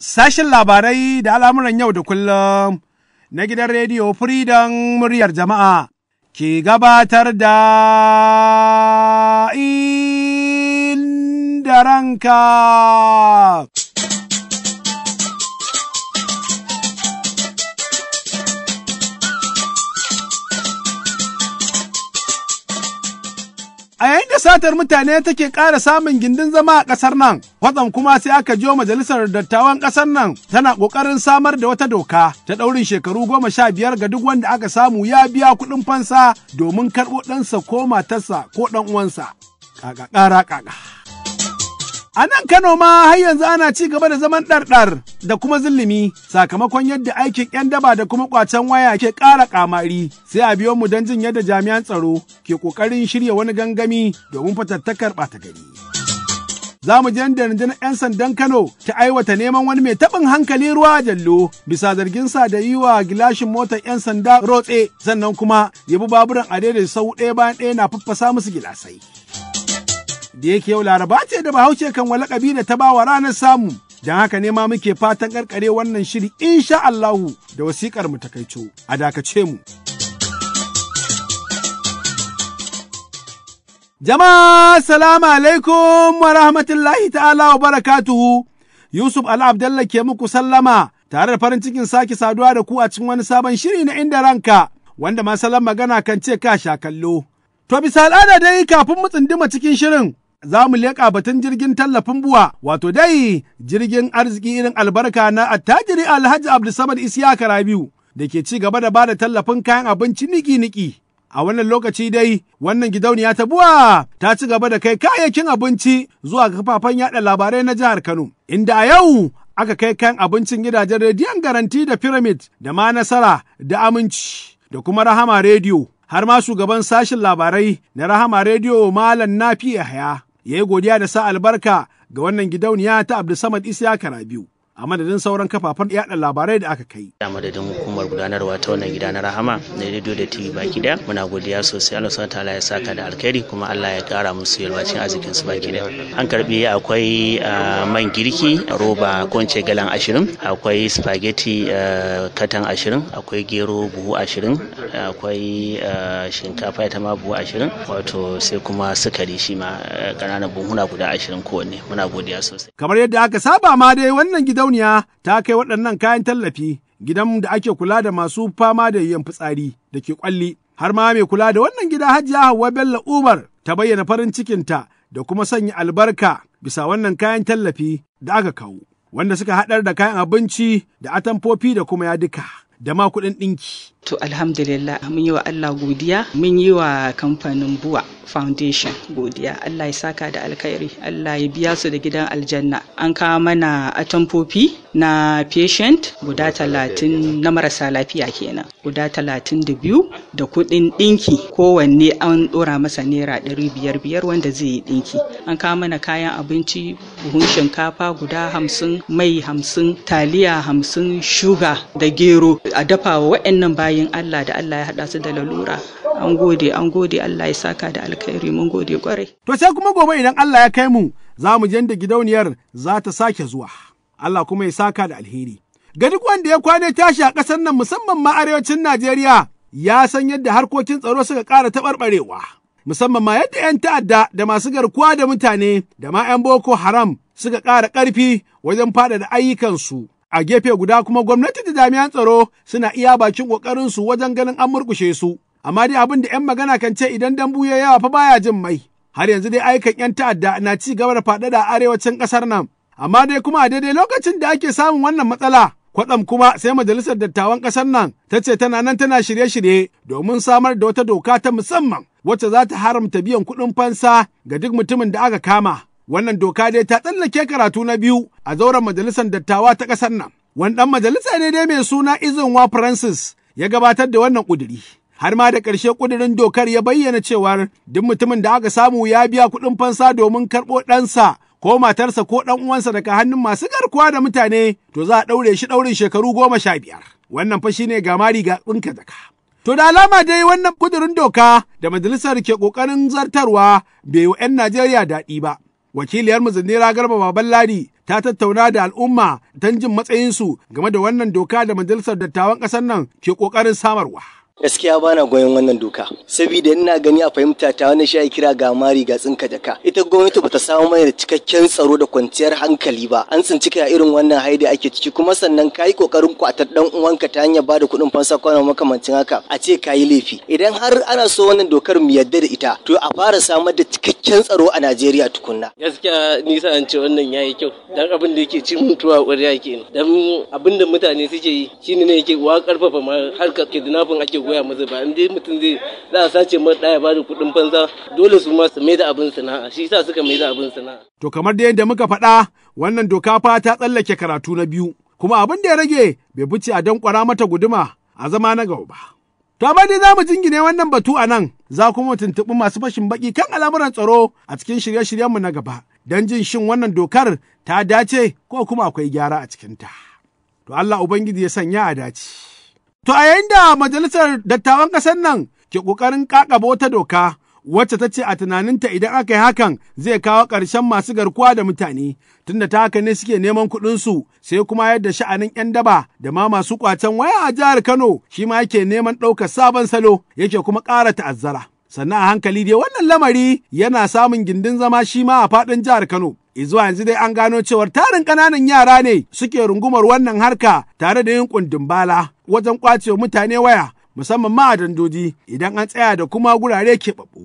Sashen labarai da al'amuran yau da kullum na gidan rediyo Freedom muryar jama'a ke gabatar da inda ranka. satar mutane take ƙara samun gindin zama a ƙasar nan, kwatsam kuma sai aka jiyo majalisar dattawan ƙasar nan tana ƙoƙarin samar da wata doka ta ɗaurin shekaru goma sha biyar ga duk wanda aka samu ya biya kuɗin fansa domin karɓo ɗansa ko matarsa ko ɗan uwansa. Ƙaƙa ƙara ƙaƙa. A nan Kano ma har yanzu ana ci gaba da zaman ɗarɗar da kuma zillimi sakamakon yadda aikin 'yan daba da kuma ƙwacen waya ke ƙara ƙamari sai a biyo mu don jin yadda jami'an tsaro ke ƙoƙarin shirya wani gangami domin fatattakar ɓata gari. Za mu je da rundunar 'yan sandan Kano ta aiwata neman wani mai taɓin hankali ruwa jallo bisa zargin sa da yi wa gilashin motar 'yan sanda rotse sannan kuma ya yabi baburan a sau ɗaya bayan ɗaya na faffasa musu gilasai. da yake yau laraba ce da bahaushe kan wala da ta bawa ranar samu. Don haka ne ma muke fatan karkare wannan shiri insha Allahu da wasikar mu takaito a dakace mu. Jama'a salamu alaikum wa rahmatullahi ta'ala wa barakatuhu Yusuf Al'Abdallah ke muku sallama tare da farin cikin sake saduwa da ku a cikin wani sabon shiri na inda ranka wanda masalan magana kan ce ka sha kallo. To bisa al'ada dai kafin mu tsindima cikin shirin za mu leƙa batun jirgin tallafin buwa wato dai jirgin arziki irin albarka na attajiri alhaji abdulsamad isiyaka rabiu da ke ci gaba da ba da tallafin kayan abinci niki-niki a wannan lokaci dai wannan gidauniya ta buwa ta ci gaba da kai kayayyakin abinci zuwa kafafen yada labarai na jihar kano inda a yau aka kai kayan abincin gidajen rediyon garanti da pyramid da ma nasara da aminci da kuma rahama rediyo har ma shugaban sashen labarai na rahama rediyo malam nafi yahaya ya yi godiya da sa albarka ga wannan gidauniya ta Abdulsamad Isiyaka Rabiu. a madadin sauran kafafen yaɗa labarai da aka kai. A madadin hukumar gudanarwa ta wannan gida na Rahama na radio da TV baki daya muna godiya sosai Allah subhanahu ta'ala ya saka da alkhairi kuma Allah ya kara musu yalwacin arzikin su baki daya. An karbi akwai man girki roba konce galan 20 akwai spaghetti katan 20 akwai gero buhu 20 akwai shinkafa ita ma buhu 20 wato sai kuma sukari shi ma buhu buhuna guda 20 kowanne muna godiya sosai. Kamar yadda aka saba ma dai wannan gidan sarauniya ta kai waɗannan kayan tallafi gidan da ake kula da masu fama da yiyan fitsari da ke kwalli. Har ma mai kula da wannan gida Hajiya Hauwa Bello Umar ta bayyana farin cikinta da kuma sanya albarka bisa wannan kayan tallafi da aka kawo. Wanda suka haɗar da kayan abinci da atamfofi da kuma yaduka. da ma kuɗin ɗinki. To alhamdulillah mun yi wa Allah godiya mun yi wa kamfanin Buwa Foundation godiya Allah ya saka da alkhairi Allah ya biya su da gidan aljanna an kawo mana atamfofi na patient guda talatin na marasa lafiya kenan guda talatin da biyu da kuɗin ɗinki kowanne an ɗora masa naira ɗari biyar biyar wanda zai yi ɗinki an kawo mana kayan abinci buhun shinkafa guda hamsin mai hamsin taliya hamsin shuga da gero a dafawa wa wa'annan bayin Allah da Allah ya haɗa su da lalura an gode an gode Allah ya saka da alkhairi mun gode kwarai to sai kuma gobe idan Allah ya kai mu za mu da gidauniyar za ta sake zuwa Allah kuma ya saka da alheri ga duk wanda ya kwana tashi a ƙasar nan musamman ma arewacin Najeriya ya san yadda harkokin tsaro suka ƙara taɓarɓarewa musamman ma yadda 'yan ta'adda da masu garkuwa da mutane da ma 'yan boko haram suka ƙara ƙarfi wajen faɗaɗa ayyukansu A gefe guda kuma gwamnati da jami'an tsaro suna iya bakin ƙoƙarinsu wajen ganin an murkushe su. Amma dai abin da 'yan magana kan ce idan dambu ya yawa fa baya jin mai. Har yanzu dai aikan 'yan ta'adda na ci gaba da da arewacin ƙasar nan. Amma dai kuma a daidai lokacin da ake samun wannan matsala, kwatsam kuma sai majalisar dattawan ƙasar nan ta ce tana nan tana shirye-shirye domin samar da wata doka ta musamman wacce za ta haramta biyan kuɗin fansa ga duk mutumin da aka kama. Wannan doka dai ta tsallake karatu na biyu a zauren majalisar dattawa ta ƙasar nan. Wani ɗan majalisa ne dai mai suna Izinwa Francis ya gabatar da wannan ƙuduri. Har ma da ƙarshe ƙudurin dokar ya bayyana cewa duk mutumin da aka samu ya biya kuɗin fansa domin karɓo ɗansa ko matarsa ko ɗan uwansa daga hannun masu garkuwa da mutane to za a ɗaure shi ɗaurin shekaru goma sha biyar. Wannan fa shine mari ga ɗinka daka To da alama dai wannan kudurin doka da majalisar ke ƙoƙarin zartarwa bai wa 'yan Najeriya daɗi ba. wakiliyar Zanera Garba ladi ta tattauna da al'umma don jin matsayinsu game da wannan doka da majalisar dattawan ƙasar nan ke ƙoƙarin samarwa. gaskiya bana goyon wannan doka saboda ina gani a fahimta ta wani shi kira ga mari ga tsinka jaka ita gwamnati bata samu mana da cikakken tsaro da kwanciyar hankali ba an tsinci kai irin wannan haidi ake ciki kuma sannan kayi kokarin kwatar dan uwanka ta hanyar bada kuɗin fansa kwana makamancin haka a ce kayi laifi idan har ana so wannan dokar mu yadda da ita to a fara samar da cikakken tsaro a Najeriya tukunna gaskiya ni sa an ce wannan yayi kyau dan abin da yake ci mutuwa ƙwarya kenan dan abin da mutane suke yi shine ne yake wa karfafa harkar kidnapping ake goya masa ba in dai mutum zai za a sace mai daya ba da kuɗin banza dole su ma su maida abin sana'a shi yasa suka maida abin sana'a. To kamar da yadda muka faɗa wannan doka fa ta tsallake karatu na biyu kuma abin da ya rage bai buci a dankwara mata guduma a zama na gaba ba. To amma dai za mu jingine wannan batu a nan za kuma tuntuɓi masu fashin baki kan al'amuran tsaro a cikin shirye-shiryenmu na gaba don jin shin wannan dokar ta dace ko kuma akwai gyara a cikinta. To Allah Ubangiji ya sanya a dace. To a yayin da majalisar dattawan ƙasar nan ke ƙoƙarin ƙaƙaba wata doka wacce ta ce a tunaninta idan aka yi hakan zai kawo ƙarshen masu garkuwa da mutane tunda ta haka ne suke neman kuɗinsu sai kuma yadda sha'anin 'yan daba da ma masu ƙwacen waya a jihar Kano shi ma yake neman ɗaukar sabon salo yake kuma ƙara ta'azzara. Sannan a hankali dai wannan lamari yana samun gindin zama shi ma a faɗin jihar Kano. Izuwa yanzu dai an gano cewar tarin ƙananan yara ne suke rungumar wannan harka tare da yin ƙundin bala. wajen wa mutane waya musamman ma a dandoji idan an tsaya da kuma gurare keɓaɓɓu.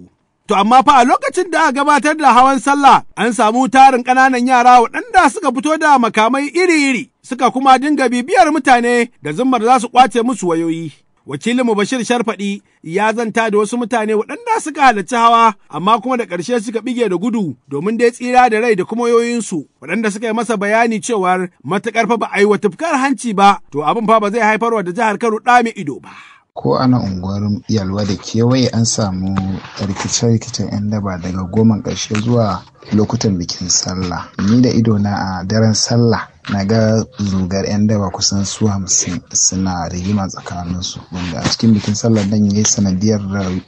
To amma fa a lokacin da aka gabatar da hawan sallah an samu tarin ƙananan yara waɗanda suka fito da makamai iri-iri suka kuma dinga bibiyar mutane da zummar za su ƙwace musu wayoyi. wakilinmu Bashir Sharfaɗi ya zanta da wasu mutane waɗanda suka halarci hawa amma kuma da ƙarshe suka bige da gudu domin dai tsira da rai da kuma yoyinsu waɗanda suka yi masa bayani cewar matuƙar fa ba a yi wa tufkar hanci ba to abin fa ba zai haifar wa da jihar Kano ɗa ido ba. ko ana unguwar yalwa da kewaye an samu rikice-rikicen 'yan daba daga goma ƙarshe zuwa lokutan bikin sallah ni da idona a daren sallah na ga zugar 'yan dawa kusan su hamsin suna rigima tsakaninsu, wanda a cikin bikin sallar dan ya yi sanadiyar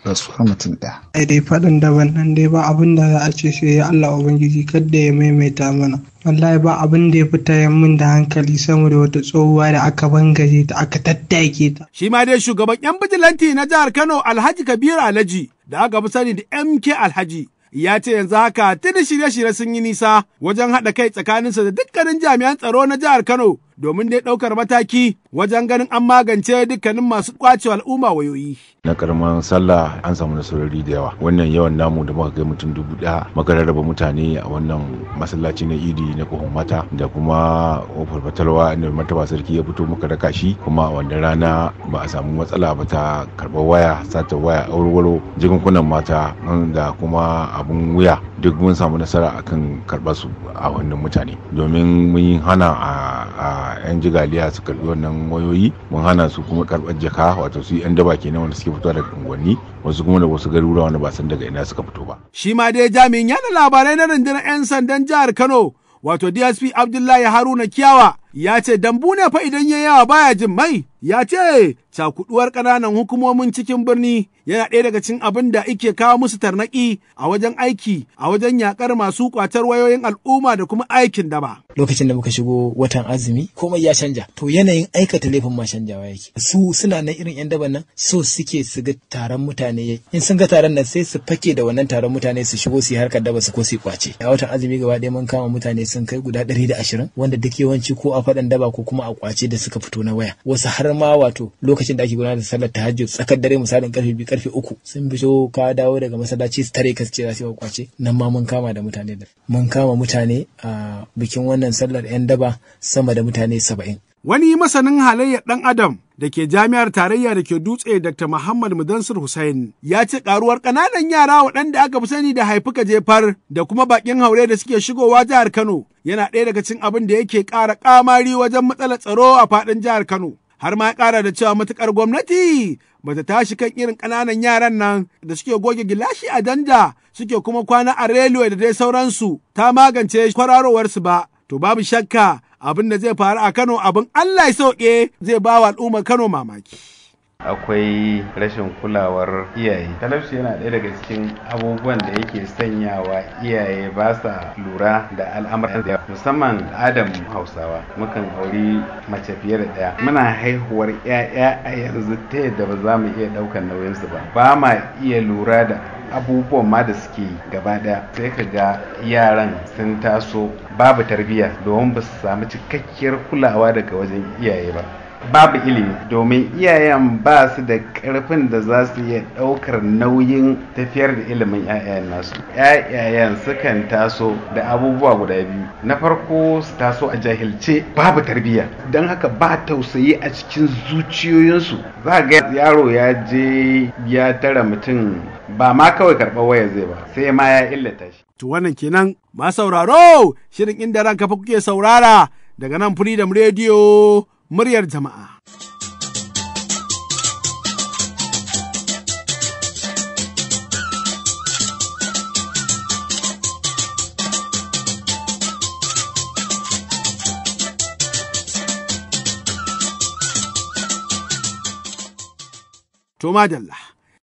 rasuwar mutum ɗaya. A dai faɗin daban nan dai ba abin da za a ce sai ya allah ubangiji kadda ya maimaita mana wallahi ba abin da ya fita min da hankali sama da wata tsohuwa da aka bangaje ta aka tattake ta. shi ma dai shugaban yan bijilanti na jihar kano alhaji kabiru alhaji da aka fi sani da mk alhaji ya ce yanzu haka tuni shirye-shirye sun yi nisa wajen haɗa kai tsakaninsa da dukkanin jami'an tsaro na jihar Kano domin dai ɗaukar mataki wajen ganin an magance dukkanin masu kwacewa al'umma wayoyi. Na karamar sallah an samu nasarori da yawa. Wannan yawan namu da muka kai mutum dubu ɗaya maka rarraba mutane a wannan masallaci na idi na kohon mata da kuma ofar fatalwa inda martaba sarki ya fito muka raka shi kuma a wannan rana ba a samu matsala ba ta karɓar waya sata waya jikin kunan mata da kuma abun wuya duk mun samu nasara akan karɓar su a wannan mutane domin mun yi hana a yan jigaliya su karɓi wannan wayoyi mun hana su kuma karɓar jaka wato su yan daba kenan wanda suke fitowa daga unguwanni wasu kuma da wasu garuruwa wanda ba san daga ina suka fito ba shi ma dai jami'in yada labarai na rundunar yan sandan jihar Kano wato DSP Abdullahi Haruna Kiyawa ya ce dambu ne fa idan ya yawa baya jin mai ya ce cakuduwar ƙananan hukumomin cikin birni yana ɗaya daga cikin abin da ike kawo musu tarnaki a wajen aiki a wajen yakar masu ƙwatar wayoyin al'umma da kuma aikin daba. lokacin da muka shigo watan azumi komai ya canja to yanayin aikata laifin ma canjawa yake su suna nan irin yan daban nan so suke su ga taron mutane in sun ga taron nan sai su fake da wannan taron mutane su shigo su yi harkar daba su ko su kwace a watan azumi gaba ɗaya mun kama mutane sun kai guda ɗari da ashirin wanda duk yawanci ko a faɗan daba ko kuma a kwace da suka fito na waya wasu har har ma wato lokacin da ake gudanar da sallar tahajjud tsakar dare misalin karfe biyu karfe uku sun fito ka dawo daga masallaci su tare ka ce za su yi kwace nan ma mun kama da mutane da mun kama mutane a bikin wannan sallar yan daba sama da mutane saba'in. Wani masanin halayyar dan Adam da ke jami'ar tarayya da ke dutse Dr. Muhammad Mudansir Hussein ya ce karuwar kananan yara waɗanda aka fi sani da haifuka jefar da kuma bakin haure da suke shigowa jihar Kano yana ɗaya daga cin abin da yake ƙara ƙamari wajen matsalar tsaro a faɗin jihar Kano. har ma ya ƙara da cewa matuƙar gwamnati ba ta tashi kan irin ƙananan yaran nan da suke goge gilashi a danda suke kuma kwana a railway da dai sauransu ta magance kwararowarsu ba to babu shakka abin da zai faru a kano abin allah ya sauke zai ba wa al'ummar kano mamaki. akwai rashin kulawar iyaye talauci yana ɗaya daga cikin abubuwan da yake sanyawa iyaye ba sa lura da al'amuran da musamman adam hausawa mukan auri mace fiye da ɗaya muna haihuwar 'ya'ya a yanzu ta yadda ba za mu iya ɗaukar nauyinsu ba ba ma iya lura da abubuwan ma da suke gaba ɗaya sai ka ga yaran sun taso babu tarbiyya domin ba su samu cikakkiyar kulawa daga wajen iyaye ba babu ilimi domin iyayen ba su da karfin da za su iya ɗaukar nauyin tafiyar da ilimin 'ya'yan nasu 'ya'yayen sukan taso da abubuwa guda biyu na farko su taso a jahilce babu tarbiyya don haka ba tausayi a cikin zuciyoyinsu za ga yaro ya je ya tara mutum ba ma kawai karɓar waya zai ba sai ma ya illata shi to wannan kenan ma sauraro shirin inda ranka fa kuke saurara daga nan freedom Rediyo? muryar jama'a. To madalla.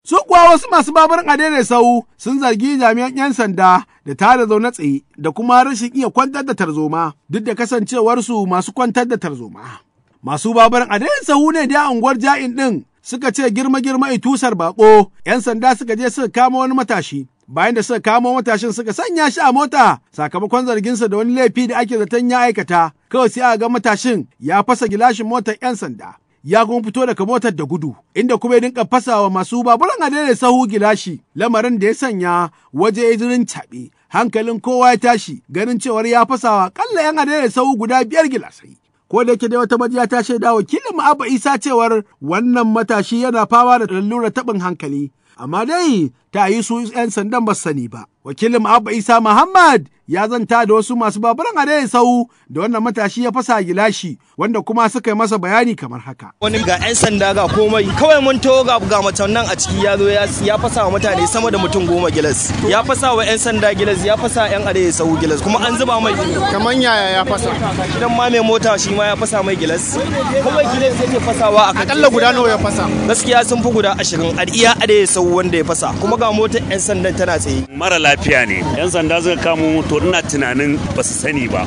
Su kuwa wasu masu babarin ne sau sun zargi jami'an 'yan sanda da tada zaune tsaye da kuma rashin iya kwantar da tarzoma duk da kasancewarsu masu kwantar da tarzoma. Masu babar a dai sahu ne da unguwar ja'in ɗin suka ce girma girma tusar bako 'yan sanda suka je suka kama wani matashi. bayan da suka kamo matashin suka sanya shi a mota sakamakon zarginsa da wani laifi da ake zaton ya aikata kawai sai a ga matashin ya fasa gilashin motar 'yan sanda ya kuma fito daga motar da gudu inda kuma ya dinka fasawa masu baburan adai sahu gilashi lamarin da ya sanya waje ya jirin caɓe hankalin kowa ya tashi ganin cewar ya fasawa ƙalla 'yan adai sahu guda biyar gilasai ko da yake dai wata majiya ta shaida wakilin mu Abba Isa cewar wannan matashi yana fama da lalurar taɓin hankali amma dai ta yi su 'yan sandan ba sani ba. Wakilin Abba Isa Muhammad ya zanta da wasu masu baburan a sau da wannan matashi ya fasa gilashi wanda kuma suka yi masa bayani kamar haka. Wani ga 'yan sanda ga komai kawai mun to ga ga macen nan a ciki ya zo ya fasa wa mutane sama da mutum goma gilas. Ya fasa wa 'yan sanda gilas ya fasa 'yan a sau gilas kuma an zuba mai. Kamar yaya ya fasa. Idan ma mai mota shi ma ya fasa mai gilas. Kawai gilas yake fasawa a kan. Akalla guda nawa ya fasa. Gaskiya sun fi guda ashirin a iya a sau wanda ya fasa kuma ga motar 'yan sandan tana tsaye mara lafiya ne 'yan sanda suka kamo to ina tunanin ba su sani ba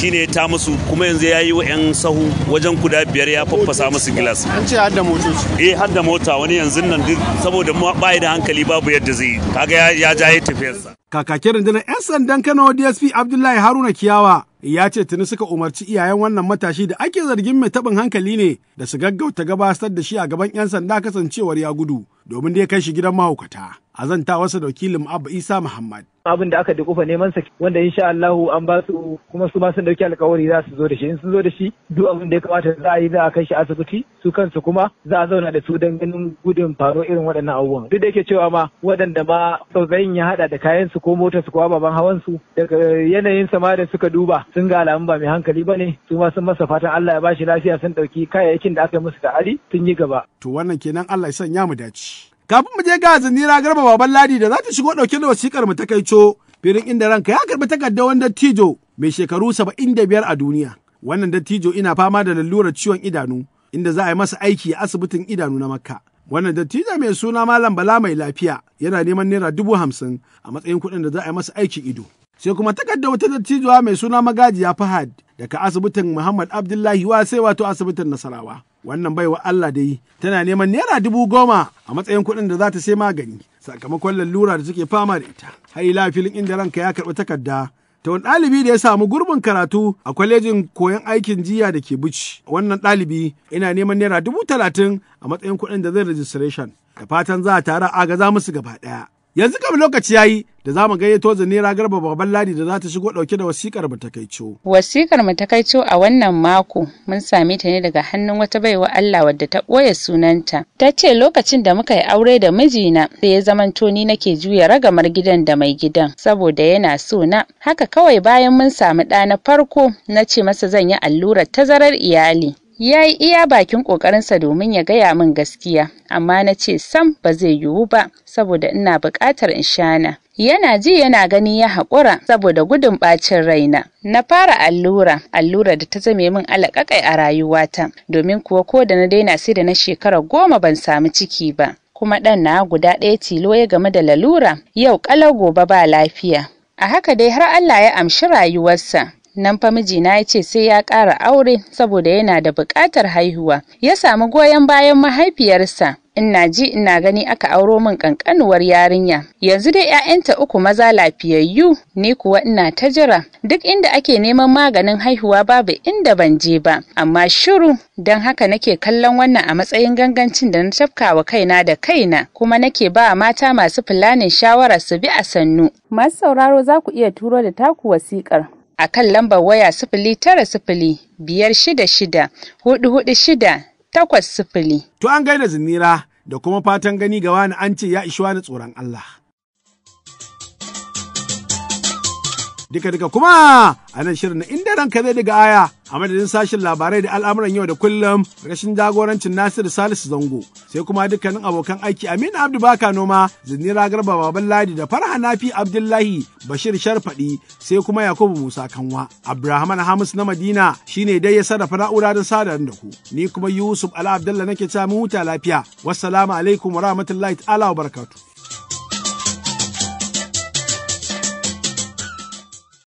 shine ta musu kuma yanzu ya yi wa 'yan sahu wajen guda biyar ya faffasa musu gilas an ce har da motoci eh har mota wani yanzu nan duk saboda ba da hankali babu yadda zai kaga ya ja tafiyarsa kakakin rundunar 'yan sandan kano dsp abdullahi haruna kiyawa ya ce tuni suka umarci iyayen wannan matashi da ake zargin mai tabin hankali ne da su gaggauta gabatar da shi a gaban 'yan sanda kasancewar ya gudu domin da ya kai shi gidan mahaukata. a zanta wasu da wakilin Abba Isa Muhammad. Abin da aka kufa neman sa wanda insha Allahu an ba su kuma su ma sun dauki alkawari za su zo da shi in sun zo da shi duk abin da ya kamata za a yi za a kai shi asibiti su kansu kuma za a zauna da su don ganin gudun faro irin waɗannan abubuwan duk da yake cewa ma waɗanda ma tsautsayin ya haɗa da kayan su ko motar su ko ababen hawan su daga yanayin sama da suka duba sun ga alamun ba mai hankali ba ne su ma sun masa fatan Allah ya bashi lafiya sun ɗauki kayayyakin da aka yi musu ali sun yi gaba. To wannan kenan Allah ya sanya mu dace. Kafin mu je ga Zinira Garba Baban Ladi da za ta shigo ɗauke da wasikar mu takaico firin inda ranka ya karɓi takardar wanda dattijo mai shekaru saba'in da biyar a duniya. Wannan dattijo ina fama da lalurar ciwon idanu inda za a yi masa aiki a asibitin idanu na Makka. Wannan dattijo mai suna Malam Bala mai lafiya yana neman naira dubu hamsin a matsayin kuɗin da za a yi masa aiki ido. sai kuma takardar wata dattijuwa mai suna magajiya fahad daga asibitin muhammad abdullahi wa sai wato asibitin nasarawa wannan baiwa allah dai tana neman naira dubu goma a matsayin kuɗin da za ta sai magani sakamakon lallura da suke fama da ita har ila filin inda ranka ya karɓi takarda ta wani ɗalibi da ya samu gurbin karatu a kwalejin koyon aikin jiya da ke buci wannan ɗalibi ina neman naira dubu talatin a matsayin kuɗin da zai registration da fatan za a tara mu musu gaba ɗaya Yanzu kam lokaci ya yi da za mu gayyato Zanera Garba babban Ladi da za ta shigo ɗauke da wasikar mu takaico. Wasikar mu takaico a wannan mako mun same ta ne daga hannun wata baiwa Allah wadda ta ɓoye sunanta. Ta ce lokacin da muka yi aure da mijina sai ya zamanto ni nake juya ragamar gidan da mai gidan saboda yana so na. Haka kawai bayan mun samu ɗa na farko na ce masa zan yi allurar tazarar iyali. ya yi iya bakin ƙoƙarinsa domin ya gaya min gaskiya amma na ce sam ba zai yiwu ba saboda ina buƙatar in shana yana ji yana gani ya haƙura saboda gudun ɓacin raina na fara allura allura da ta zame min alaƙaƙai a rayuwata domin kuwa ko da na daina sai da na shekara goma ban samu ciki ba kuma ɗan na guda ɗaya tilo ya game da lalura yau ƙalau gobe ba lafiya a haka dai har Allah ya amshi rayuwarsa nan fa mijina ya ce sai ya ƙara aure saboda yana da buƙatar haihuwa ya samu goyon bayan mahaifiyarsa ina ji ina gani aka auro min ƙanƙanuwar yarinya yanzu dai 'ya'yanta uku maza lafiyayyu ni kuwa ina ta jira duk inda ake neman maganin haihuwa babu inda ban je ba amma shiru don haka nake kallon wannan a matsayin gangancin da na tafka wa kaina da kaina kuma nake ba mata masu fulanin shawara su bi a sannu masu sauraro za ku iya turo da taku wasikar a kan lambar waya sifili tara sifili biyar shida shida hudu hudu shida takwas sifili. To an gaida zinira da kuma fatan gani ga wani an ce ya ishi wani tsoron Allah. duka duka kuma a nan shirin na inda ranka zai daga aya a madadin sashen labarai da al'amuran yau da kullum rashin jagorancin Nasiru Salisu Zango sai kuma dukkanin abokan aiki Aminu Abdu Baka Noma Zinnira Garba Baban Ladi da Farha Nafi Abdullahi Bashir Sharfadi sai kuma Yakubu Musa Kanwa Abdulrahman Hamis na Madina shine dai ya sarrafa na'ura da sadar da ku ni kuma Yusuf Ala Abdullahi nake ta mu huta lafiya wassalamu alaikum wa rahmatullahi ta'ala wa barakatuh